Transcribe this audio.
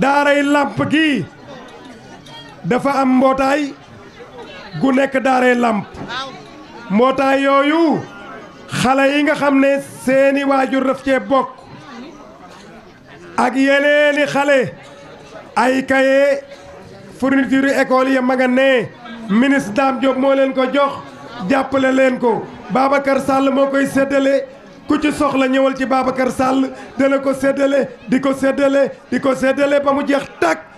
daaray làmp gi dafa am mbootaay gu nekk daaray làmp mbootaay yooyu xale yi nga xam ne seeni waajur daf cee bokk ak yeneeni xale ay kaye fourniture école ya ma nga ne ministre moo leen ko jox jàppale leen ko Babacar sàll moo koy séddale ku ci soxla ñëwal ci Babacar sàll dina ko séddale di ko séddale di ko séddale ba mu jeex tàkk